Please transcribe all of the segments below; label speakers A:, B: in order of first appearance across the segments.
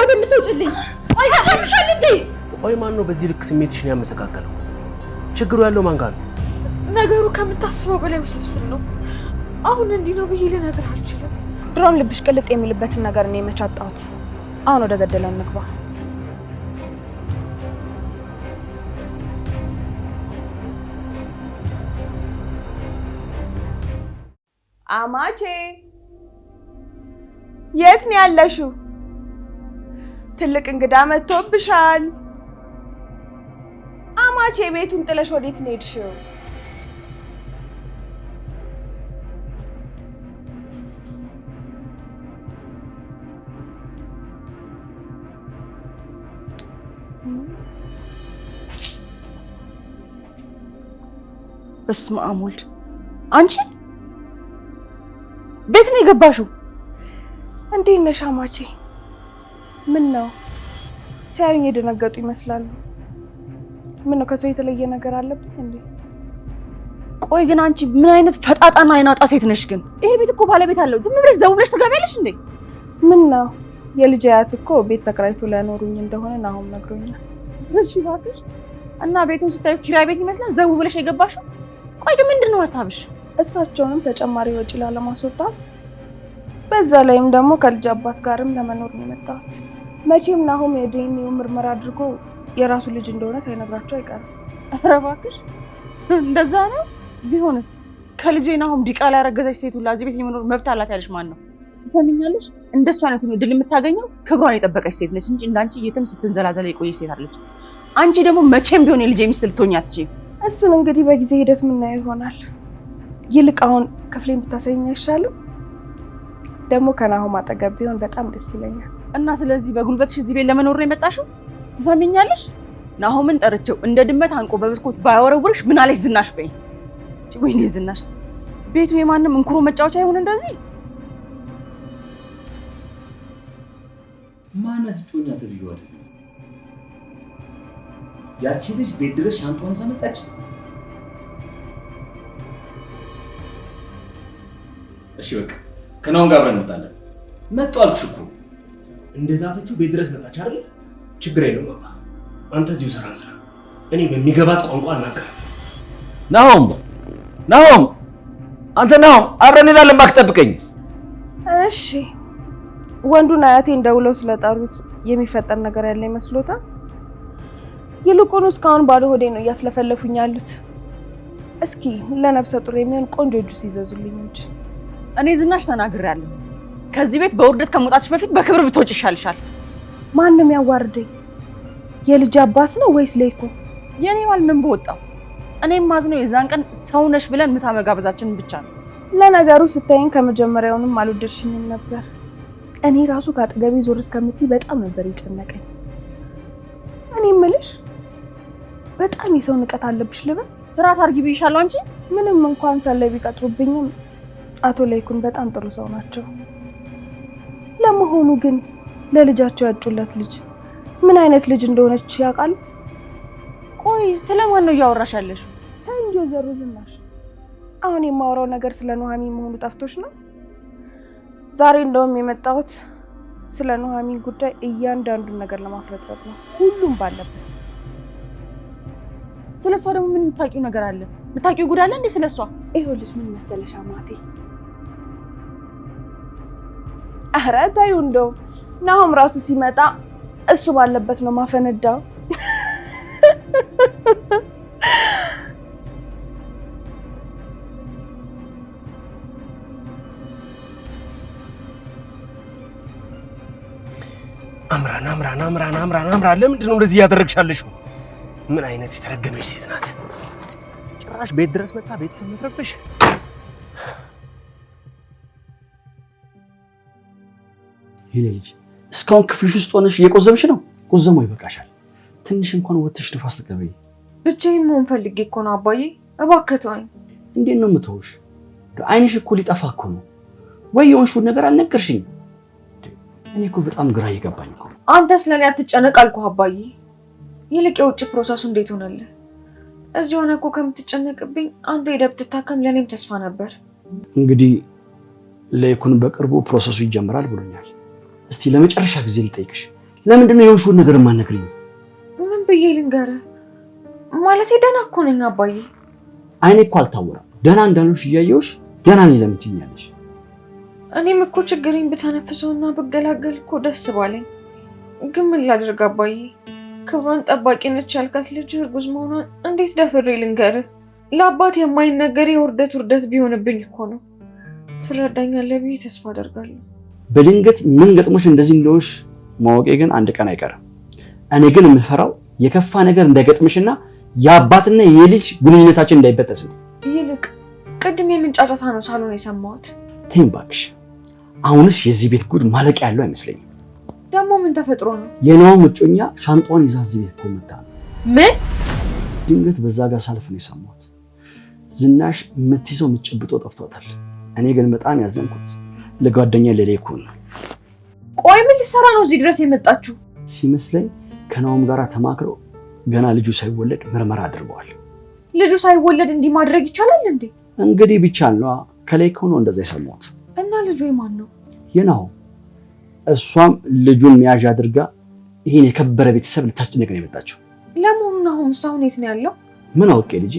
A: ከህይወት የምትውጭልኝ? ቆይ ታምሻል እንዴ?
B: ቆይ ማን ነው በዚህ ልክ ስሜትሽን ያመሰቃቀለው? ችግሩ ያለው ማን ጋር ነው?
A: ነገሩ ከምታስበው በላይ ውስብስብ ነው። አሁን እንዲህ ነው ብዬ ልነግር አልችልም። ድሮም ልብሽ ቅልጥ የሚልበትን ነገር ነው የመቻጣሁት። አሁን ወደ ገደለው እንግባ። አማቼ የት ነው ያለሽው? ትልቅ እንግዳ መጥቶብሻል። አማቼ ቤቱን ጥለሽ ወዴት ነው የሄድሽው? በስመ አብ ወልድ፣ አንቺ ቤት ነው የገባሽው? እንዴት ነሽ አማቼ? ምን ነው ሲያዩኝ የደነገጡ ይመስላሉ። ምን ነው ከሰው የተለየ ነገር አለብኝ እንዴ? ቆይ ግን አንቺ ምን አይነት ፈጣጣና አይናጣ ሴት ነሽ? ግን ይሄ ቤት እኮ ባለቤት አለው። ዝም ብለሽ ዘው ብለሽ ትገቢያለሽ እንዴ? ምን ነው የልጅ አያት እኮ ቤት ተከራይቶ ሊያኖሩኝ እንደሆነ ናሁም ነግሮኛል። እሺ እባክሽ። እና ቤቱን ስታዩ ኪራይ ቤት ይመስላል። ዘው ብለሽ የገባሽው። ቆይ ግን ምንድን ነው ሀሳብሽ? እሳቸውንም ተጨማሪ ወጪ ላለማስወጣት፣ በዛ ላይም ደግሞ ከልጅ አባት ጋርም ለመኖር ነው የመጣሁት። መቼም ናሆም የዲኤንኤው ምርመራ አድርጎ የራሱ ልጅ እንደሆነ ሳይነግራቸው አይቀርም። ኧረ እባክሽ እንደዛ ነው። ቢሆንስ ከልጄ ናሆም ዲቃላ ያረገዘች ሴት ሁላ እዚህ ቤት የመኖር መብት አላት ያለች ማን ነው? ትሰሚኛለሽ? እንደሱ አይነት ነው ድል የምታገኘው። ክብሯን የጠበቀች ሴት ነች እንጂ እንዳንቺ የትም ስትንዘላዘለ የቆየች ሴት አለች። አንቺ ደግሞ መቼም ቢሆን የልጄ ሚስት ልትሆኝ አትችይም። እሱን እንግዲህ በጊዜ ሂደት የምናየው ይሆናል። ይልቅ አሁን ክፍሌን ብታሳይኝ አይሻልም? ደግሞ ከናሆም አጠገብ ቢሆን በጣም ደስ ይለኛል። እና ስለዚህ በጉልበትሽ እዚህ ቤት ለመኖር ነው የመጣሽው? ትሰሚኛለሽ? ናሆምን ጠርቼው እንደ ድመት አንቆ በመስኮት ባያወረውርሽ ምን አለሽ ዝናሽ በይኝ። ወይኔ ዝናሽ፣ ቤቱ የማንም እንኩሮ መጫወቻ አይሆን። እንደዚህ
B: ማናት ጮኛ ተብዬው አይደለም። ያቺ ልጅ ቤት ድረስ ሻንጧን ይዛ መጣች። እሺ በቃ ከናሆም ጋር አብረን እንመጣለን። መጡ አልኩሽ እኮ እንደዛ ተቹ ቤት ድረስ መጣች አይደል? ችግር የለውም ባባ፣ አንተ እዚሁ ስራን ስራ፣ እኔ በሚገባት ቋንቋ እናገራለሁ። ናሆም ናሆም፣ አንተ ናሆም፣ አብረን እንሄዳለን፣ እባክህ ጠብቀኝ።
A: እሺ። ወንዱን አያቴ እንደውለው ስለጠሩት የሚፈጠር ነገር ያለ ይመስሎታል? ይልቁኑ እስካሁን ባዶ ሆዴ ነው እያስለፈለፉኝ ያሉት። እስኪ ለነብሰ ጡር የሚሆን ቆንጆ ጁስ ይዘዙልኝ እንጂ እኔ ዝናሽ ተናግሬያለሁ። ከዚህ ቤት በውርደት ከመውጣትሽ በፊት በክብር ብትወጪ ይሻልሻል። ማን የልጅ አባት ነው ወይስ ሌኮ? የኔ ባል ምን በወጣው? እኔም ማዝነው የዛን ቀን ሰውነሽ ብለን ምሳ መጋበዛችንን ብቻ ነው። ለነገሩ ስታይን ከመጀመሪያውንም አልወደድሽኝም ነበር። እኔ ራሱ ከአጠገቤ ዞር እስከምትይ በጣም ነበር የጨነቀኝ። እኔ ምልሽ በጣም የሰው ንቀት አለብሽ ልበል? ስርዓት አርጊ ብይሻለሁ። አንቺ ምንም እንኳን ሰላይ ቢቀጥሩብኝም አቶ ለይኩን በጣም ጥሩ ሰው ናቸው። ለመሆኑ ግን ለልጃቸው ያጩለት ልጅ ምን አይነት ልጅ እንደሆነች ያውቃል? ቆይ ስለማን ነው እያወራሽ ያለሽ? ተንጆ ዘሩ ዝናሽ፣ አሁን የማወራው ነገር ስለ ኑሐሚን መሆኑ ጠፍቶሽ ነው? ዛሬ እንደውም የመጣሁት ስለ ኑሐሚን ጉዳይ እያንዳንዱን ነገር ለማፍረጥረጥ ነው፣ ሁሉም ባለበት። ስለሷ ደግሞ ምን የምታውቂው ነገር አለ? የምታውቂው ጉዳይ አለ እንዴ ስለሷ? ይኸውልሽ ምን መሰለሽ አማቴ ኧረ ታዩ እንደውም ናሆም ራሱ ሲመጣ እሱ ባለበት ነው ማፈነዳው።
B: አምራን አምራን አምራን አምራን አምራን፣ ለምንድን ነው እንደዚህ እያደረግሻለሽ? ምን አይነት የተረገመች ሴት ናት! ጭራሽ ቤት ድረስ መጣ ቤተሰብ መትረብሽ ይሄ ልጅ እስካሁን ክፍልሽ ውስጥ ሆነሽ እየቆዘምሽ ነው። ቆዘሞ ይበቃሻል። ትንሽ እንኳን ወጥተሽ ንፋስ ተቀበይ።
A: ብቻዬን መሆን ፈልጌ እኮ ነው አባዬ፣ እባክህ ተወኝ።
B: እንዴት ነው የምተውሽ? አይንሽ እኮ ሊጠፋ እኮ ነው። ወይ የሆንሽውን ነገር አልነገርሽኝ። እኔ እኮ በጣም ግራ እየገባኝ እኮ።
A: አንተ ስለኔ አትጨነቅ አልኩህ አባዬ። ይልቅ የውጭ ፕሮሰሱ እንዴት ሆነልህ? እዚህ ሆነ እኮ ከምትጨነቅብኝ አንተ ሄደህ ብትታከም ለእኔም ተስፋ ነበር።
B: እንግዲህ ለይኩን በቅርቡ ፕሮሰሱ ይጀምራል ብሎኛል። እስቲ ለመጨረሻ ጊዜ ልጠይቅሽ፣ ለምንድን ነው የሆንሽውን ነገር የማትነግሪኝ?
A: ምን ብዬ ልንገርህ? ማለት ደህና እኮ ነኝ አባዬ።
B: አይኔ እኮ አልታወራም። ደህና እንዳልሆንሽ እያየሁሽ ደህና ነኝ ለምን ትይኛለሽ?
A: እኔም እኮ ችግሬን ብተነፍሰውና ብገላገል እኮ ደስ ባለኝ። ግን ምን ላድርግ አባዬ፣ ክብሯን ጠባቂ ነች ያልካት ልጅ እርጉዝ መሆኗን እንዴት ደፍሬ ልንገርህ? ለአባት የማይነገር የውርደት ውርደት ቢሆንብኝ እኮ ነው። ትረዳኛለህ ብዬ ተስፋ አደርጋለሁ።
B: በድንገት ምን ገጥሞሽ እንደዚህ እንደሆንሽ ማወቄ ግን አንድ ቀን አይቀርም። እኔ ግን የምፈራው የከፋ ነገር እንደገጥምሽና የአባትና የልጅ ግንኙነታችን እንዳይበጠስ ነው።
A: ይልቅ ቅድም የምን ጫጫታ ነው ሳሎን የሰማሁት?
B: ተይኝ እባክሽ። አሁንስ የዚህ ቤት ጉድ ማለቂያ ያለው አይመስለኝም።
A: ደግሞ ምን ተፈጥሮ ነው?
B: የናዋን ምጮኛ ሻንጣዋን ይዛ እዚህ ቤት ምን ድንገት በዛ ጋር ሳልፍ ነው የሰማሁት። ዝናሽ የምትይዘው የምትጨብጦ ጠፍቷታል። እኔ ግን በጣም ያዘንኩት ለጓደኛ ለሌኩን።
A: ቆይ ምን ሊሰራ ነው እዚህ ድረስ የመጣችሁ?
B: ሲመስለኝ ከናውም ጋር ተማክረው ገና ልጁ ሳይወለድ ምርመራ አድርገዋል።
A: ልጁ ሳይወለድ እንዲህ ማድረግ ይቻላል እንዴ?
B: እንግዲህ ብቻ ነዋ። ከሌኩ ነው እንደዛ የሰማሁት።
A: እና ልጁ የማን ነው?
B: የናው። እሷም ልጁን መያዣ አድርጋ ይህን የከበረ ቤተሰብ ልታስጨንቅ ነው የመጣችው።
A: ለመሆኑ ናሁም እሷ ሁኔት ነው ያለው?
B: ምን አውቄ ልጅ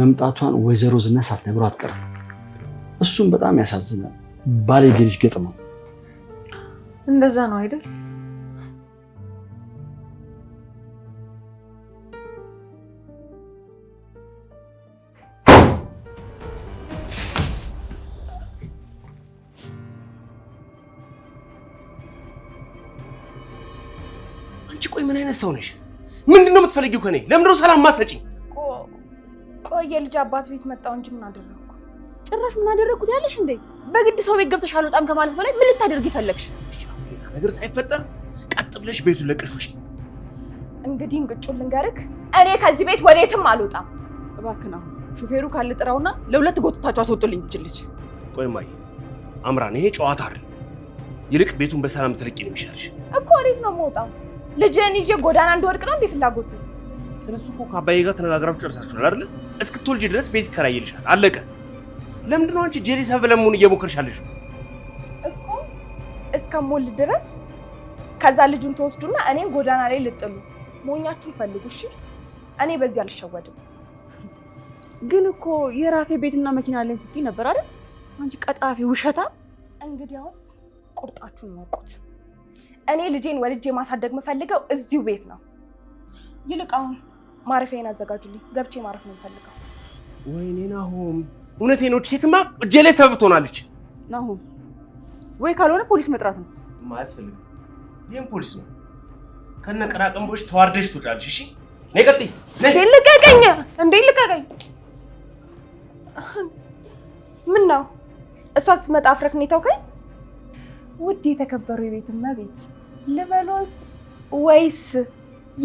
B: መምጣቷን ወይዘሮ ዝና ሳትነግሮ አትቀርም። እሱም በጣም ያሳዝናል። ባለጌ ልጅ ገጥመው
A: እንደዛ ነው አይደል?
B: አንቺ ቆይ ምን አይነት ሰው ነሽ? ምንድን ነው የምትፈልጊው ከኔ? ለምንድን ነው ሰላም ማሰጪኝ?
A: ቆይ የልጅ አባት ቤት መጣው እንጂ ምን አደረገው? ጭራሽ ምን አደረግኩት ያለሽ እንዴ? በግድ ሰው ቤት ገብተሽ አልወጣም ከማለት በላይ ምን ልታደርግ ይፈለግሽ?
B: ነገር ሳይፈጠር ቀጥ ብለሽ ቤቱን ለቀሽ ውጪ።
A: እንግዲህ እንቅጩን ልንገርክ፣ እኔ ከዚህ ቤት ወዴትም አልወጣም። እባክን አሁን ሹፌሩ ካለ ጥራውና ለሁለት ጎትታችሁ አስወጡልኝ። ይችልች
B: ቆይ ማይ አምራን፣ ይሄ ጨዋታ አይደል። ይልቅ ቤቱን በሰላም ትለቂ ነው የሚሻልሽ
A: እኮ። ወዴት ነው የምወጣው? ልጅን ይዤ ጎዳና እንደወድቅ ነው እንዴ ፍላጎት?
B: ስለሱ እኮ ከአባዬ ጋር ተነጋግራችሁ ጨርሳችኋል አይደል? እስክትወልጂ ድረስ ቤት ይከራይልሻል። አለቀ። ለምንድን ነው አንቺ ጄሪ ሰብለ መሆን እየሞከርሽ
A: እኮ እስከ ሞል ድረስ ከዛ ልጁን ተወስዱና እኔን ጎዳና ላይ ልጥሉ። ሞኛችሁን ፈልጉ። እሺ እኔ በዚህ አልሸወድም። ግን እኮ የራሴ ቤትና መኪና አለኝ ስትይ ነበር አይደል? አንቺ ቀጣፊ ውሸታ! እንግዲያውስ ቁርጣችሁን ወቁት። እኔ ልጄን ወልጄ ማሳደግ የምፈልገው እዚሁ ቤት ነው። ይልቅ አሁን ማረፊያዬን አዘጋጁልኝ። ገብቼ ማረፍ ነው የምፈልገው።
B: ወይኔ ናሆም እውነቴን ነው። ሴትማ እጄ ላይ ሰበብ ትሆናለች።
A: ናሁን ወይ ካልሆነ ፖሊስ መጥራት ነው።
B: ማያስፈልግ ይህም ፖሊስ ነው። ከነ ቅራቅንቦች ተዋርደሽ ትወጫለሽ። እሺ ነይ ቀጥይ።
A: ነይ ልቀቀኝ! እንዴ ልቀቀኝ! ምን ነው እሷ ስትመጣ አፍረክ ነው የተውከኝ? ውድ የተከበሩ የቤትና ቤት ልበሎት ወይስ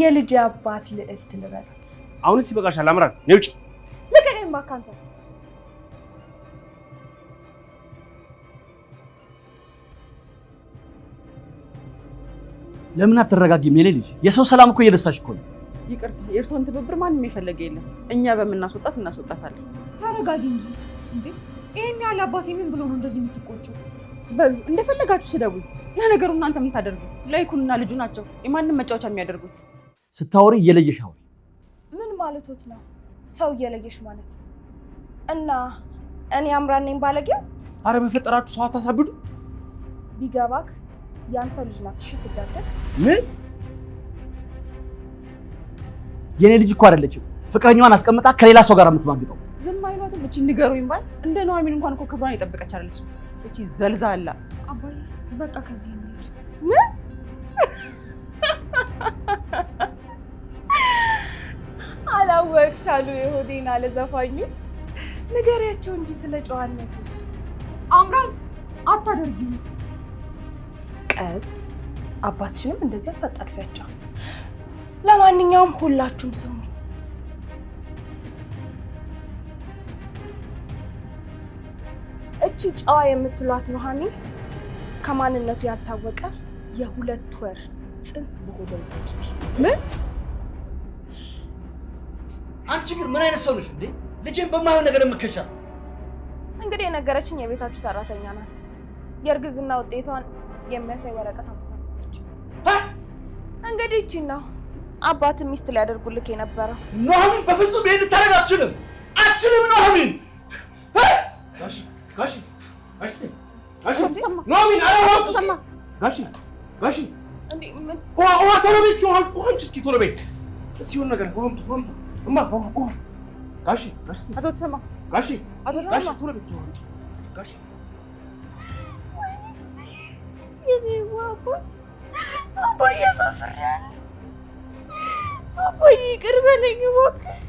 A: የልጅ አባት ልዕልት ልበሎት?
B: አሁንስ ይበቃሻል። አምራን ነይ ውጭ!
A: ልቀቀኝ እባክህ አንተ
B: ለምን አትረጋጊም? የኔ ልጅ የሰው ሰላም እኮ እየደሳሽ እኮ ነው።
A: ይቅርታ፣ የእርሷን ትብብር ማንም የፈለገ የለም። እኛ በምናስወጣት እናስወጣታለን። ተረጋጊ እንጂ እንዴ! ይሄን ያለ አባቴ ምን ብሎ ነው እንደዚህ የምትቆጩ? በሉ እንደፈለጋችሁ ስደቡ። ለነገሩ እናንተ የምታደርጉ ላይኩንና ልጁ ናቸው የማንም መጫወቻ የሚያደርጉት።
B: ስታወሪ እየለየሽ አውሪ።
A: ምን ማለቶት ነው? ሰው እየለየሽ ማለት እና እኔ አምራን ነኝ ባለጌው?
B: አረ በፈጠራችሁ ሰው አታሳብዱ።
A: ቢገባክ ያንተ ልጅ ናት። እሺ ስዳደግ
B: ምን የኔ ልጅ እኮ አይደለችም። ፍቅረኛዋን አስቀምጣ ከሌላ ሰው ጋር የምትማግጠው
A: ዝም አይሏትም። እቺ እንደ እንኳን እኮ ክብሯን የጠበቀች አይደለችም። እቺ ዘልዛላ አባዬ፣ በቃ ከዚህ ምን አላወቅሻሉ ንገሪያቸው እንጂ ስለ ጨዋነትሽ አምራን አታደርጊም ቀስ አባትሽንም እንደዚህ አታጣድፊያቸው። ለማንኛውም ሁላችሁም ስሙ። እቺ ጨዋ የምትሏት ኑሃሚ ከማንነቱ ያልታወቀ የሁለት ወር ጽንስ በሆዷ ይዛለች። ምን?
B: አንቺ ግን ምን አይነት ሰው ነሽ እንዴ? ልጄን በማይሆን ነገር የምከሻት።
A: እንግዲህ የነገረችኝ የቤታችሁ ሰራተኛ ናት። የእርግዝና ውጤቷን የሚያሳይ ወረቀት አምጥታለች። እንግዲህ እቺ ነው አባት ሚስት ሊያደርጉልክ የነበረው።
B: ኑሐሚን በፍጹም ይሄን ልታደርግ አትችልም፣ አትችልም ኑሐሚን። ጋሺ ጋሺ ጋሺ ጋሺ ጋሺ ጋሺ ጋሺ ጋሺ ጋሺ ጋሺ ቶሎ ጋሺ
A: አቦ አቦ እያሳፍራል። አቦ ይቅር በለኝ እባክህ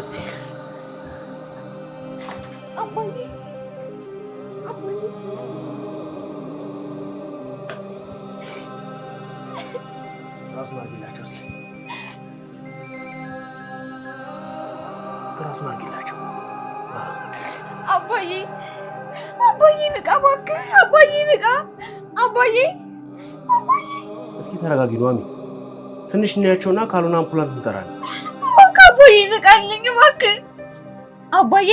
B: እስቲ ትራሱን አድርጊላቸው
A: አባዬ አባዬ ንቃ እባክህ አባዬ ንቃ አባዬ አባዬ
B: እስኪ ተረጋጊ ትንሽ እናያቸውና ካልሆነ እንጠራለን
A: አባዬ ንቃልኝ እባክህ። አባዬ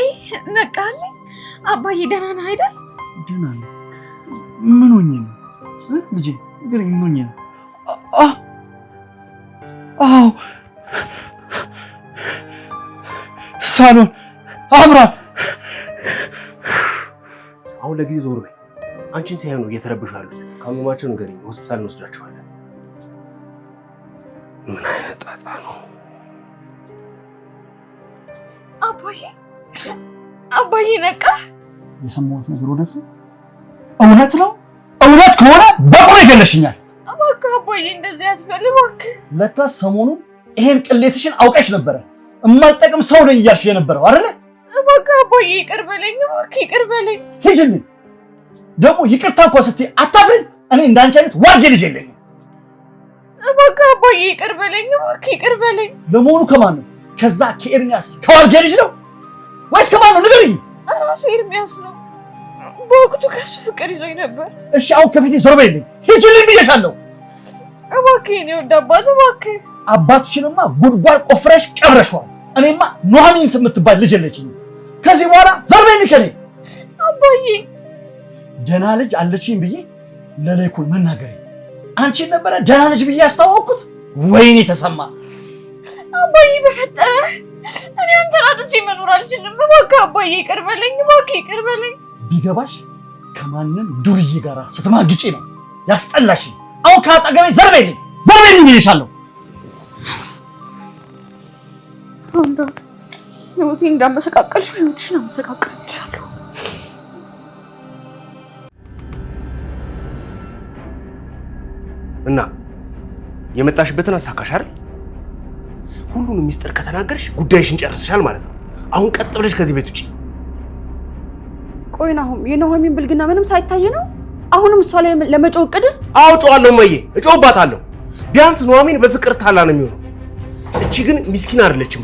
A: ነቃልኝ። አባዬ ደህና ነህ አይደል?
B: ደህና ነህ? ምን ሆኜ ነው ልጄ? ንገረኝ፣ ምን ሆኜ ነው? አዎ ሳሎን አብራ አሁን ለጊዜ ዞር በይ። አንቺን ሲያዩ ነው እየተረብሹ ያሉት። ካመማቸው ንገረኝ፣ ሆስፒታል እንወስዳቸዋለን። ምን አይነት ጣጣ ነው
A: አባዬ አባዬ ነቃ።
B: የሰማሁት ነገር እውነት ነው? እውነት ነው? እውነት ከሆነ በቁም ይገለሽኛል።
A: እባክህ አባዬ እንደዚህ ያስበል እባክህ።
B: ለካ ሰሞኑን ይሄን ቅሌትሽን አውቀሽ ነበረ። እማይጠቅም ሰው ነኝ እያልሽ የነበረው አይደለ?
A: እባክህ አባዬ ይቅር በለኝ፣ እባክህ ይቅር በለኝ።
B: ሂጂልኝ። ደግሞ ይቅርታ እንኳ ስትይ አታፍሪም? እኔ እንዳንቺ አይነት ዋጌ ልጅ የለኝም።
A: እባክህ አባዬ ይቅር በለኝ፣ እባክህ ይቅር በለኝ።
B: ለመሆኑ ከማን ነው ከዛ ከኤርሚያስ ከዋልጌ ልጅ ነው ወይስ ከማን ነው? ንገሪኝ።
A: እራሱ ኤርሚያስ ነው። በወቅቱ ከሱ ፍቅር ይዞኝ ነበር።
B: እሺ አሁን ከፊቴ ዞር በይልኝ። ሂጂልኝ ብዬሻለሁ።
A: እባክህ ወደ አባት እባክህ።
B: አባትሽንማ ጉድጓድ ቆፍረሽ ቀብረሽዋል። እኔማ ኑሐሚን የምትባል ልጅ የለችኝ። ከዚህ በኋላ ዞር በይልኝ ከኔ። አባዬ ደህና ልጅ አለችኝ ብዬ ለሌኩን መናገሬ አንቺን ነበረ ደህና ልጅ ብዬ ያስተዋወቅኩት። ወይኔ ተሰማ
A: አባዬ በፈጠረ እኔ አንተን አጥቼ መኖር አልችልም። እባክህ አባዬ ይቅር በለኝ፣ እባክህ ይቅር በለኝ።
B: ቢገባሽ ከማንም ዱርዬ ጋር ስትማግጪ ነው ያስጠላሽ። አሁን ከአጠገቤ ዘርቤልኝ፣ ዘርቤልኝ ይልሻለሁ።
A: ህይወቴን እንዳመሰቃቀልሽ ህይወትሽን አመሰቃቀልሻለሁ።
B: እና የመጣሽበትን አሳካሽ አይደል? ሁሉንም ሚስጥር ከተናገርሽ ጉዳይሽን ጨርስሻል ማለት ነው። አሁን ቀጥ ብለሽ ከዚህ ቤት ውጪ።
A: ቆይ ናሁም፣ የኑሐሚን ብልግና ምንም ሳይታይ ነው አሁንም እሷ ላይ ለመጮህ እቅድ?
B: አዎ እጮዋለሁ፣ እመዬ እጮህባታለሁ። ቢያንስ ኑሐሚን በፍቅር ታላ ነው የሚሆነው። እቺ ግን ሚስኪን አይደለችም።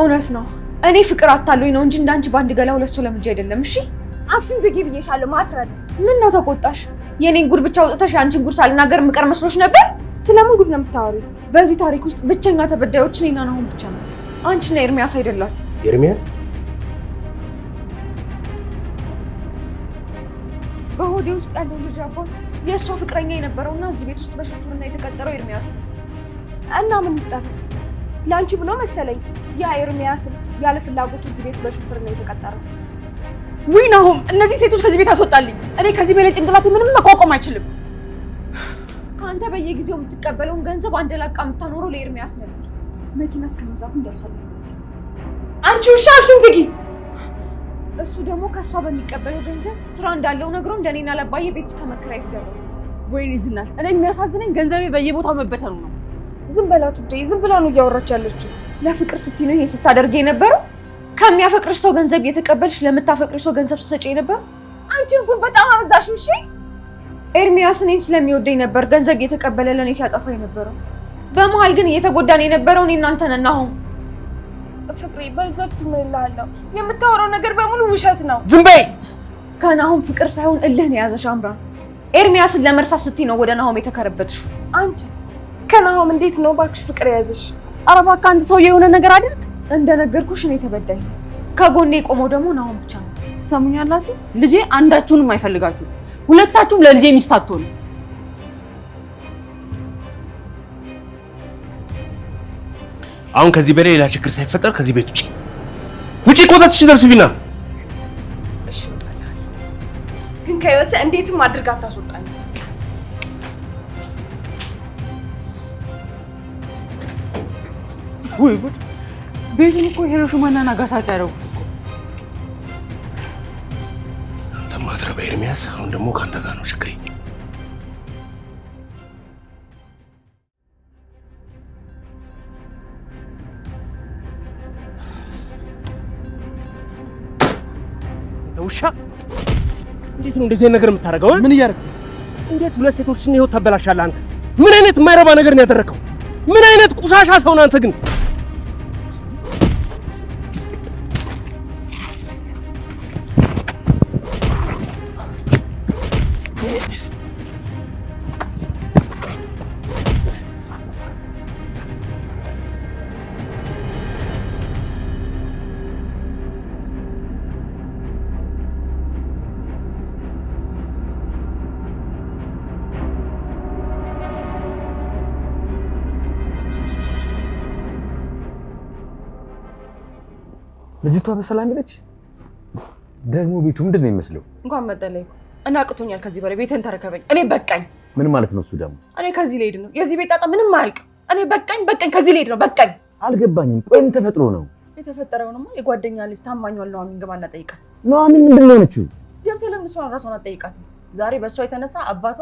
A: እውነት ነው። እኔ ፍቅር አታለኝ ነው እንጂ እንዳንቺ በአንድ ገላ ሁለት ሰው ለምጄ አይደለም። እሺ አፍሽን ዝጊ ብዬሻለሁ። ማትረድ ምን ነው ተቆጣሽ? የኔን ጉድ ብቻ አውጥተሽ የአንቺን ጉድ ሳልናገር ምቀር መስሎሽ ነበር? ስለምን ጉድ ነው የምታወሪው? በዚህ ታሪክ ውስጥ ብቸኛ ተበዳዮች እኔና ናሆም ብቻ ነው። አንቺና ኤርሚያስ አይደላል። ኤርሚያስ በሆዴ ውስጥ ያለው ልጅ አባት የእሷ ፍቅረኛ የነበረውና እዚህ ቤት ውስጥ በሽፍርና የተቀጠረው ኤርሚያስ ነው። እና ምን ይጣፈስ ለአንቺ ብሎ መሰለኝ ያ ኤርሚያስ ያለ ፍላጎቱ እዚህ ቤት በሽፍርና የተቀጠረው። ውይ ናሆም፣ እነዚህ ሴቶች ከዚህ ቤት አስወጣልኝ። እኔ ከዚህ በላይ ጭንቅላቴ ምንም መቋቋም አይችልም። አንተ በየጊዜው የምትቀበለውን ገንዘብ አንድ ላቃ የምታኖረው ለኤርሚያስ ነበር። መኪና እስከ መግዛትም አንቺ ውሻ አብሽን ዝጊ። እሱ ደግሞ ከእሷ በሚቀበለው ገንዘብ ስራ እንዳለው ነግሮ እንደኔና ለባየ ቤት እስከ መከራየት ደረሰ። ወይኔ ዝናሽ፣ እኔ የሚያሳዝነኝ ገንዘቤ በየቦታው መበተኑ ነው። ዝም በላ ቱዴ፣ ዝም ብላ ነው እያወራች ያለችው። ለፍቅር ስትይ ነው ይሄ ስታደርግ የነበረው? ከሚያፈቅርሽ ሰው ገንዘብ እየተቀበልሽ ለምታፈቅርሽ ሰው ገንዘብ ስሰጪ የነበረው? አንቺን ጉን በጣም አበዛሽ። እሺ ኤርሚያስ እኔን ስለሚወደኝ ነበር ገንዘብ እየተቀበለ ለእኔ ሲያጠፋ የነበረው። በመሀል ግን እየተጎዳን የነበረው እኔ እናንተ ነን። አሁን ፍቅሬ በልጆች ምላለሁ። የምታወራው ነገር በሙሉ ውሸት ነው። ዝም በይ። ከናሁን ፍቅር ሳይሆን እልህ ነው የያዘሽ አምራን። ኤርሚያስን ለመርሳት ስትይ ነው ወደ ናሆም የተከረበትሽው። አንቺስ ከናሆም እንዴት ነው ባክሽ ፍቅር የያዘሽ? ኧረ እባክህ አንድ ሰው የሆነ ነገር አድርግ። እንደነገርኩሽ እኔ ተበዳይ፣ ከጎኔ የቆመው ደግሞ ናሆም ብቻ ነው። ሰሙኛላችሁ፣ ልጄ አንዳችሁንም አይፈልጋችሁ ሁለታችሁም ለልጄ ሚስት አትሆኑ።
B: አሁን ከዚህ በላይ ሌላ ችግር ሳይፈጠር ከዚህ ቤት ውጪ ውጪ፣ ኮታችሽን ሰብስቢና።
A: እሺ ግን ከህይወት እንዴትም አድርጋ አታስወጣኝ። ወይ ጉድ! ቤቱን እኮ ሄሮሽማና ናጋሳኪ ያደረጉት
B: ኤርሚያስ፣ አሁን ደግሞ ከአንተ ጋር ነው ችግሬ። ውሻ እንዴት ነው እንደዚህ ነገር የምታደርገው? ምን እያደረግ እንዴት ሁለት ሴቶችን ህይወት ታበላሻለህ አንተ? ምን አይነት የማይረባ ነገር ነው ያደረከው? ምን አይነት ቆሻሻ ሰው ነው አንተ ግን ልጅቷ በሰላም ሄደች። ደግሞ ቤቱ ምንድን ነው የሚመስለው?
A: እንኳን መጠለይ እና አቅቶኛል። ከዚህ በላይ ቤትን ተረከበኝ። እኔ በቃኝ።
B: ምን ማለት ነው እሱ ደግሞ?
A: እኔ ከዚህ ልሄድ ነው። የዚህ ቤት ጣጣ ምንም አያልቅም። እኔ በቃኝ፣ በቃኝ። ከዚህ ልሄድ ነው። በቃኝ።
B: አልገባኝም። ቆይ ምን ተፈጥሮ ነው
A: የተፈጠረውንማ? የጓደኛ ልጅ ታማኟል ኑሐሚን፣ ግባና ጠይቃት።
B: ኑሐሚን ምንድን ነው የሆነችው?
A: ገብተህ ለምን እሷን ራሷን አትጠይቃትም? ዛሬ በእሷ የተነሳ አባቷ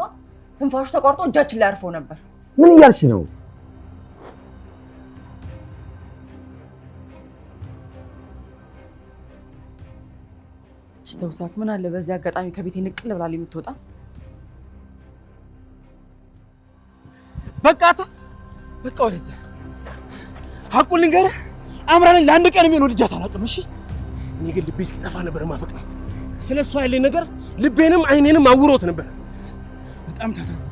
A: ትንፋሹ ተቋርጦ እጃችን ላይ አርፎ ነበር።
B: ምን እያልሽ ነው?
A: ተውሳክ ምን አለ በዚህ አጋጣሚ ከቤቴ ንቅል ብላል የምትወጣ
B: በቃታ በቃ ወደዛ ሀቁ ልንገር፣ አምራንን ለአንድ ቀን የሚሆነው ልጃት አላውቅም። እሺ እኔ ግን ልቤ እስኪጠፋ ነበር ማፈቅናት። ስለ እሷ ያለኝ ነገር ልቤንም አይኔንም አውሮት ነበር። በጣም ታሳዝ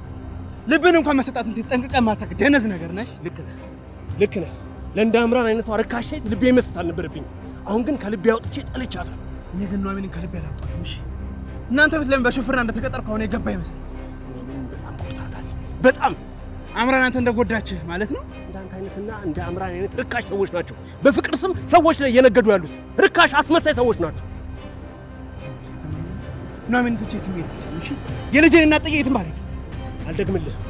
B: ልብን እንኳን መሰጣትን ሴት ጠንቅቀህ ማታውቅ ደነዝ ነገር ነሽ። ልክ ነህ፣ ልክ ነህ። ለእንደ አምራን አይነቷ ርካሻይት ልቤ መስጠት ነበርብኝ አሁን ግን ከልቤ አውጥቼ ጠልቻታል። እኔ ግን ኑሐሚንን ከልቤ አላውቃትም። እሺ እናንተ ቤት ለምን በሽፍርና እንደተቀጠርኩ አሁን የገባ ይመስላል። ኑሐሚንን በጣም ቆርታታል። በጣም አምራን አንተ እንደጎዳችህ ማለት ነው። እንዳንተ አይነትና እንደ አምራን አይነት ርካሽ ሰዎች ናቸው በፍቅር ስም ሰዎች ላይ እየነገዱ ያሉት ርካሽ አስመሳይ ሰዎች ናቸው። ኑሐሚን ተቼ የትም እሺ የልጄን እናት ጥዬ የትም አልሄድም። አልደግምልህም።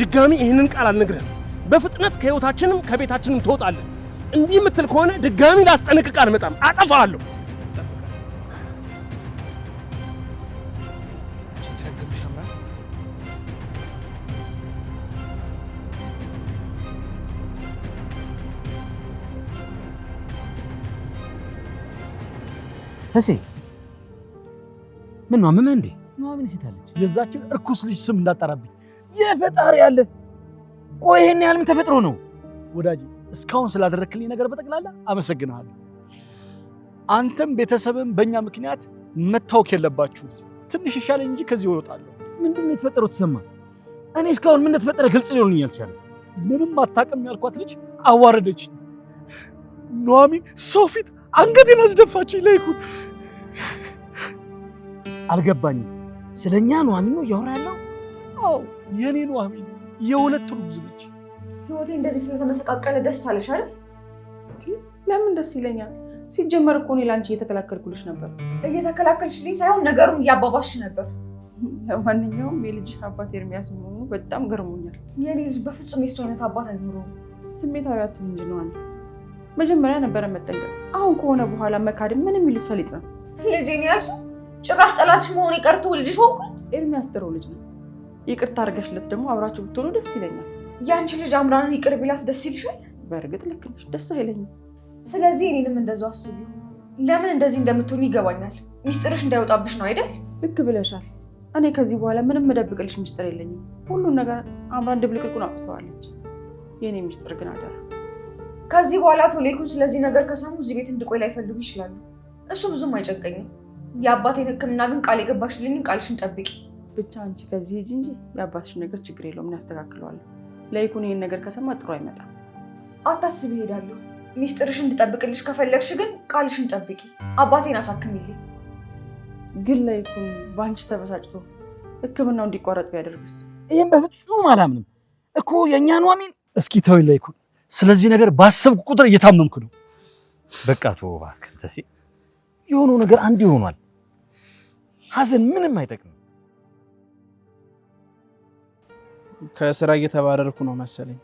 B: ድጋሚ ይህንን ቃል አልነግርህም። በፍጥነት ከህይወታችንም ከቤታችንም ትወጣለህ። እንዲህ የምትል ከሆነ ድጋሚ ላስጠነቅቅ አልመጣም። አጠፋሃለሁ። ተሴ ምን ነው አመመህ እንዴ?
A: ኑሐሚን ሴት አለች።
B: የዛችን እርኩስ ልጅ ስም እንዳጠራብኝ የፈጣሪ ያለ። ቆይ ይሄን ያህል ምን ተፈጥሮ ነው? ወዳጅ እስካሁን ስላደረክልኝ ነገር በጠቅላላ አመሰግናለሁ። አንተም ቤተሰብም በእኛ ምክንያት መታወክ የለባችሁ። ትንሽ ይሻለኝ እንጂ ከዚህ እወጣለሁ። ምንድን ነው የተፈጠረው? ተሰማ እኔ እስካሁን ምን እንደተፈጠረ ግልጽ ሊሆንልኝ አልቻለም። ምንም አታውቅም ያልኳት ልጅ አዋረደች። ኑሐሚን ሰው ፊት አንገቴን አስደፋችኝ። ለይኩን አልገባኝም። ስለኛ ኑሐሚን ነው እያወራ ያለው? አዎ የኔ ኑሐሚን የሁለት ርጉዝ ነች።
A: ህይወቴ እንደዚህ ስለተመሰቃቀለ ደስ አለሽ አይደል? ለምን ደስ ይለኛል? ሲጀመር እኮ እኔ ላንቺ እየተከላከልኩልሽ ነበር። እየተከላከልሽልኝ ሳይሆን ነገሩን እያባባሽ ነበር። ለማንኛውም የልጅ አባት ኤርሚያስ መሆኑ በጣም ገርሞኛል። የኔ ልጅ በፍጹም የሱ አይነት አባት አይኖረ። ስሜታዊ አትሁን እንጂ መጀመሪያ ነበረ መጠንቀቅ። አሁን ከሆነ በኋላ መካድ ምንም ይሉት ፈሊጥ ነው። ልጄ ነው ያልሽው? ጭራሽ ጠላትሽ መሆን የቀርቶ ልጅሽ ሆንኩኝ? ኤርሚ ያስጠረው ልጅ ነው። ይቅርታ አድርገሽለት ደግሞ አብራችሁ ብትሆኑ ደስ ይለኛል። ያንቺ ልጅ አምራንን ይቅር ቢላት ደስ ይልሻል? በእርግጥ ልክ ነሽ፣ ደስ አይለኝም። ስለዚህ እኔንም እንደዛው አስቢ። ለምን እንደዚህ እንደምትሆን ይገባኛል። ሚስጥርሽ እንዳይወጣብሽ ነው አይደል? ልክ ብለሻል። እኔ ከዚህ በኋላ ምንም መደብቅልሽ ሚስጥር የለኝም። ሁሉን ነገር አምራን ድብልቅልቁን አውጥተዋለች። የእኔ ሚስጥር ግን አደራ ከዚህ በኋላ ቶሌኩን ስለዚህ ነገር ከሰሙ እዚህ ቤት እንድቆይ ላይፈልጉ ይችላሉ። እሱ ብዙም አይጨንቀኝም። የአባቴን ሕክምና ግን ቃል የገባሽልኝ ቃልሽን ጠብቂ። ብቻ አንቺ ከዚህ ሂጂ እንጂ የአባትሽ ነገር ችግር የለውም፣ እናስተካክለዋለን። ለይኩን ይህን ነገር ከሰማ ጥሩ አይመጣም። አታስብ እሄዳለሁ። ሚስጥርሽ እንድጠብቅልሽ ከፈለግሽ ግን ቃልሽን ጠብቂ። አባቴን አሳክምልኝ ግን ለይኩን በአንቺ ተበሳጭቶ ሕክምናው እንዲቋረጥ ቢያደርግስ?
B: ይህም በፍጹም አላምንም እኮ የእኛ ኑሐሚን። እስኪ ተው ለይኩን፣ ስለዚህ ነገር ባሰብኩ ቁጥር እየታመምክ ነው። በቃ ተወው እባክህ ተሴ የሆነው ነገር አንድ ይሆኗል። ሀዘን ምንም አይጠቅምም። ከስራ እየተባረርኩ ነው መሰለኝ።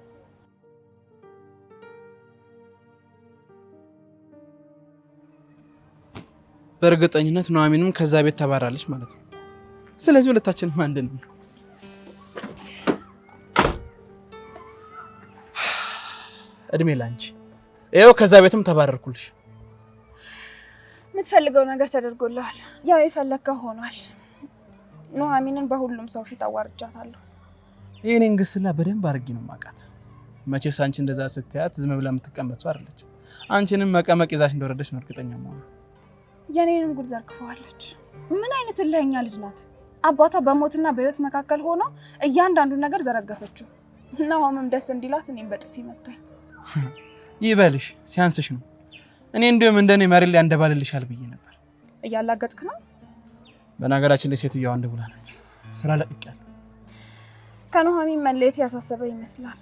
B: በእርግጠኝነት ኑሐሚንም ከዛ ቤት ተባራለች ማለት ነው። ስለዚህ ሁለታችንም አንድ ነን። እድሜ ላንቺ። ይኸው ከዛ ቤትም ተባረርኩልሽ። የምትፈልገው ነገር ተደርጎልሃል። ያው የፈለግከው ሆኗል። ኑሐሚንን በሁሉም ሰው ፊት አዋርጃታለሁ። ይህን ግስላ በደንብ አድርጌ ነው የማውቃት። መቼስ አንቺ እንደዛ ስትያት ዝም ብላ የምትቀመጥ አይደለች። አንቺንም መቀመቅ ይዛሽ እንደወረደች ነው እርግጠኛ መሆኑ። የኔንም ጉድ ዘርግፈዋለች። ምን አይነት እልህኛ ልጅ ናት! አባቷ በሞትና በህይወት መካከል ሆኖ እያንዳንዱን ነገር ዘረገፈችው። ናሆምም ደስ እንዲላት እኔም በጥፊ መታኝ። ይበልሽ፣ ሲያንስሽ ነው እኔ እንዲሁም እንደኔ መሬት ላይ አንደባልልሻል ብዬ ነበር። እያላገጥክ ነው። በነገራችን ላይ ሴትዮዋ አንድ ብላ ነበር። ስራ ለቅቄያለሁ። ከኑሐሚን መለየት ያሳሰበ ይመስላል።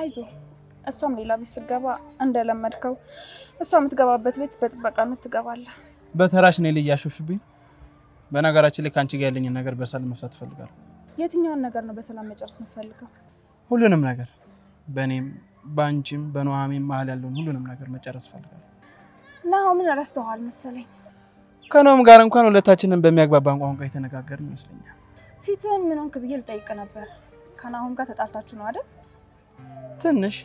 B: አይዞ እሷም ሌላ ቤት ስገባ እንደለመድከው እሷ የምትገባበት ቤት በጥበቃነት ትገባለ በተራሽ እኔ ላይ በነገራችን ላይ ከአንቺ ጋር ያለኝን ነገር በሰላም መፍታት ፈልጋለሁ የትኛውን ነገር ነው በሰላም መጨረስ የምፈልገው ሁሉንም ነገር በእኔም በአንቺም በኑሐሚን መሀል ያለውን ሁሉንም ነገር መጨረስ እፈልጋለሁ። ናሆምን ረስተዋል መሰለኝ። ከናሆም ጋር እንኳን ሁለታችንን በሚያግባባን ቋንቋ የተነጋገርን ይመስለኛል። ፊትህን ምን ሆንክ ብዬ ልጠይቅ ነበር። ከናሆም ጋር ተጣልታችሁ ነው አይደል? ትንሽ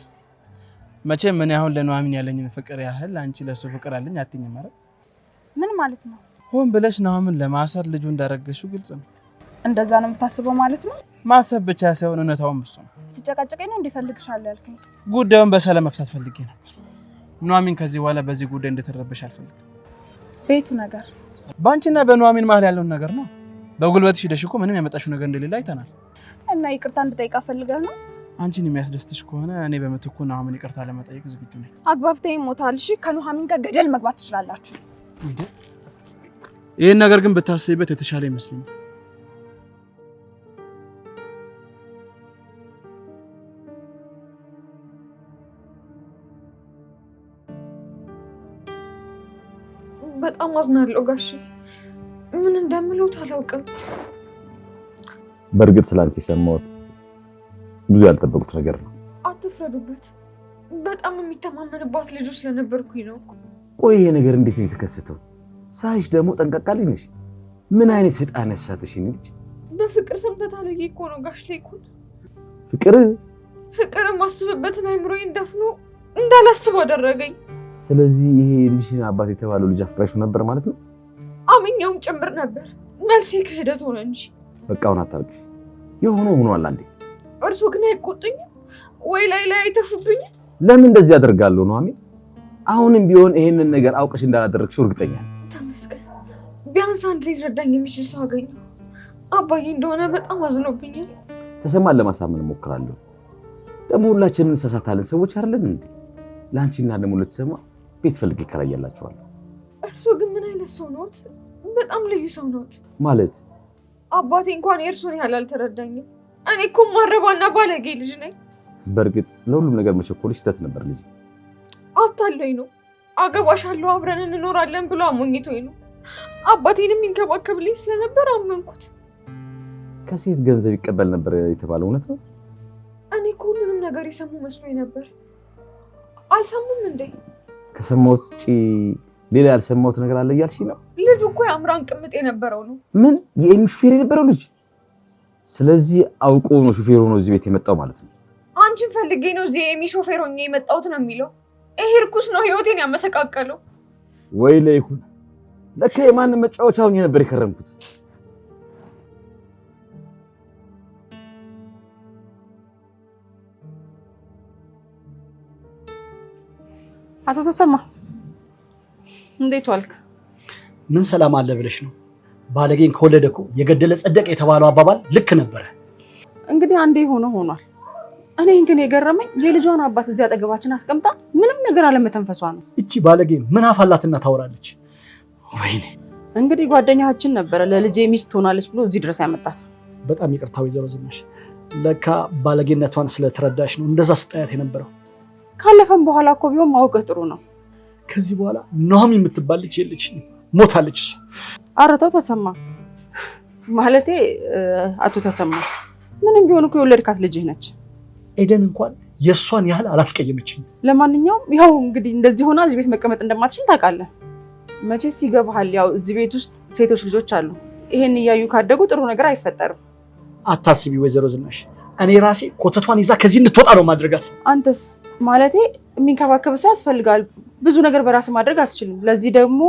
B: መቼም እኔ አሁን ለኑሐሚን ያለኝን ፍቅር ያህል አንቺ ለሱ ፍቅር አለኝ አትኝ ኧረ ምን ማለት ነው? ሆን ብለሽ ናሆምን ለማሰር ልጁ እንዳረገሽው ግልጽ ነው። እንደዛ ነው የምታስበው ማለት ነው? ማሰብ ብቻ ሳይሆን እውነታውም እሱ ነው። ሲጨቃጨቀኝ ነው እንዲፈልግሻለሁ ያልከኝ። ጉዳዩን በሰላም መፍታት ፈልጌ ነው። ኑሐሚን ከዚህ በኋላ በዚህ ጉዳይ እንድትረበሽ አልፈልግም። ቤቱ ነገር በአንቺና በኑሐሚን መሀል ያለውን ነገር ነው። በጉልበት ሂደሽ እኮ ምንም ያመጣሽው ነገር እንደሌለ አይተናል። እና ይቅርታ እንድጠይቃ ፈልገህ ነው? አንቺን የሚያስደስትሽ ከሆነ እኔ በምትኩ ኑሐሚን ይቅርታ ለመጠየቅ ዝግጁ ነኝ። አግባብተኝ ሞታል። እሺ፣ ከኑሐሚን ጋር ገደል መግባት ትችላላችሁ። ይህን ነገር ግን ብታስቢበት የተሻለ ይመስለኛል። በጣም አዝናለሁ ጋሽ፣ ምን እንደምለው አላውቅም። በእርግጥ ስላንቺ የሰማሁት ብዙ ያልጠበቁት ነገር ነው። አትፍረዱበት። በጣም የሚተማመንባት ልጁ ስለነበርኩኝ ነው። ቆይ ይሄ ነገር እንዴት ነው የተከሰተው? ሳይሽ ደግሞ ጠንቀቃ ልጅ ነሽ። ምን አይነት ስጣ ያሳተሽ ልጅ። በፍቅር ሰምተት አለጌ እኮ ነው ጋሽ ላይ ኩል ፍቅር ፍቅር ማስብበትን አይምሮዬ እንዳፍኖ እንዳላስብ አደረገኝ። ስለዚህ ይሄ ልጅሽን አባት የተባለው ልጅ አፍቅራሽው ነበር ማለት ነው? አምኛውም ጭምር ነበር። መልሴ ክህደት ሆነ እንጂ። በቃ አሁን አታልቅሽ። የሆነው ሆኗል። አንዴ እርሶ ግን አይቆጡኝም ወይ? ላይ ላይ አይተፉብኝ? ለምን እንደዚህ ያደርጋሉ ነው? አሁንም ቢሆን ይሄንን ነገር አውቀሽ እንዳላደረግሽው እርግጠኛ ተመስገን። ቢያንስ አንድ ሊረዳኝ የሚችል ሰው አገኘ አባዬ እንደሆነ በጣም አዝኖብኛል። ተሰማን ለማሳመን እሞክራለሁ። ደግሞ ሁላችንም እንሰሳታለን ሰዎች አይደለን እንዴ? ለአንቺና ደግሞ ለተሰማ ቤት ፈልግ ይከራያላችኋል። እርሶ ግን ምን አይነት ሰው ኖት? በጣም ልዩ ሰው ኖት። ማለት አባቴ እንኳን የእርሶን ያህል አልተረዳኝም። እኔ እኮ ማረባና ባለጌ ልጅ ነኝ። በእርግጥ ለሁሉም ነገር መቸኮልሽ ስህተት ነበር ልጅ። አታለኝ ነው አገባሻለሁ አብረን እንኖራለን ብሎ አሞኝቶኝ ነው። አባቴንም የሚንከባከብልኝ ስለነበር አመንኩት። ከሴት ገንዘብ ይቀበል ነበር የተባለ እውነት ነው? እኔ እኮ ሁሉንም ነገር የሰሙ መስሎኝ ነበር። አልሰሙም እንዴ? ከሰማሁት ውጭ ሌላ ያልሰማሁት ነገር አለ እያልሽ ነው? ልጁ እኮ የአምራን ቅምጥ የነበረው ነው። ምን የኤሚ ሹፌር የነበረው ልጅ? ስለዚህ አውቆ ነው ሹፌር ሆኖ እዚህ ቤት የመጣው ማለት ነው። አንቺን ፈልጌ ነው እዚህ የኤሚ ሾፌር ሆኜ የመጣሁት ነው የሚለው። ይሄ እርኩስ ነው፣ ህይወቴን ያመሰቃቀለው። ወይ ለይኩን ለካ የማንም መጫወቻ ሆኜ ነበር የከረምኩት። አቶ ተሰማ እንዴት ዋልክ? ምን ሰላም አለ ብለሽ ነው? ባለጌን ከወለደ እኮ የገደለ ጸደቀ የተባለው አባባል ልክ ነበረ። እንግዲህ አንዴ ሆኖ ሆኗል። እኔ ግን የገረመኝ የልጇን አባት እዚህ አጠገባችን አስቀምጣ ምንም ነገር አለመተንፈሷ ነው። እቺ ባለጌ ምን አፋላትና ታወራለች? ወይኔ እንግዲህ ጓደኛችን ነበረ ለልጄ ሚስት ትሆናለች ብሎ እዚህ ድረስ ያመጣት። በጣም ይቅርታ ወይዘሮ ዝናሽ፣ ለካ ባለጌነቷን ስለተረዳሽ ነው እንደዛ ስጣያት የነበረው። ካለፈም በኋላ እኮ ቢሆን ማወቅ ጥሩ ነው። ከዚህ በኋላ ኖሃም የምትባል ልጅ የለችም፣ ሞታለች። እሱ አረተው ተሰማ ማለቴ አቶ ተሰማ ምንም ቢሆን እኮ የወለድካት ልጅህ ነች። ኤደን እንኳን የእሷን ያህል አላስቀየመችኝ። ለማንኛውም ያው እንግዲህ እንደዚህ ሆና እዚህ ቤት መቀመጥ እንደማትችል ታውቃለህ። መቼ ይገባሃል። ያው እዚህ ቤት ውስጥ ሴቶች ልጆች አሉ። ይሄን እያዩ ካደጉ ጥሩ ነገር አይፈጠርም። አታስቢ ወይዘሮ ዝናሽ፣ እኔ ራሴ ኮተቷን ይዛ ከዚህ እንድትወጣ ነው ማድረጋት። አንተስ ማለት የሚንከባከብ ሰው ያስፈልጋል። ብዙ ነገር በራስ ማድረግ አትችልም። ለዚህ ደግሞ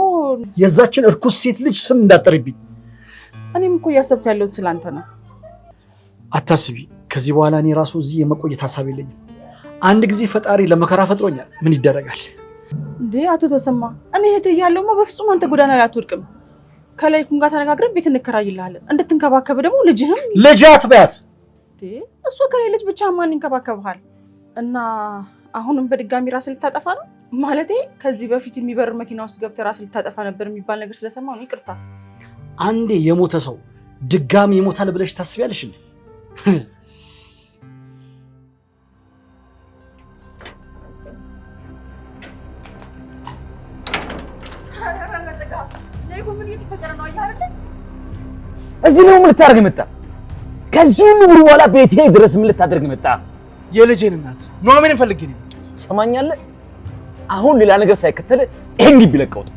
B: የዛችን እርኩስ ሴት ልጅ ስም እንዳጠርብኝ። እኔም እኮ እያሰብኩ ያለሁት ስላንተ ነው። አታስቢ። ከዚህ በኋላ እኔ ራሱ እዚህ የመቆየት ሀሳብ የለኝም። አንድ ጊዜ ፈጣሪ ለመከራ ፈጥሮኛል። ምን ይደረጋል? እንዴ አቶ ተሰማ፣ እኔ እህት እያለሁማ በፍጹም አንተ ጎዳና ላይ አትወድቅም። ከላይ ኩንጋ ጋር ተነጋግረን ቤት እንከራይልሃለን። እንድትንከባከብ ደግሞ ልጅህም ልጅ አትበያት። እሷ ከሌለች ብቻ ማን ይንከባከብሃል? እና አሁንም በድጋሚ ራስ ልታጠፋ ነው ማለቴ፣ ከዚህ በፊት የሚበር መኪና ውስጥ ገብተህ ራስ ልታጠፋ ነበር የሚባል ነገር ስለሰማ ነው። ይቅርታ። አንዴ የሞተ ሰው ድጋሚ ይሞታል ብለሽ ታስቢያለሽ? እዚህ ነው ምን ልታደርግ መጣ? ከዚህ ሁሉ በኋላ ቤቴ ድረስ ምን ልታደርግ መጣ? የልጄን እናት ኑሐሚንን ፈልጌ ትሰማኛለህ? አሁን ሌላ ነገር ሳይከተል ይሄን ግቢ ለቀውጥ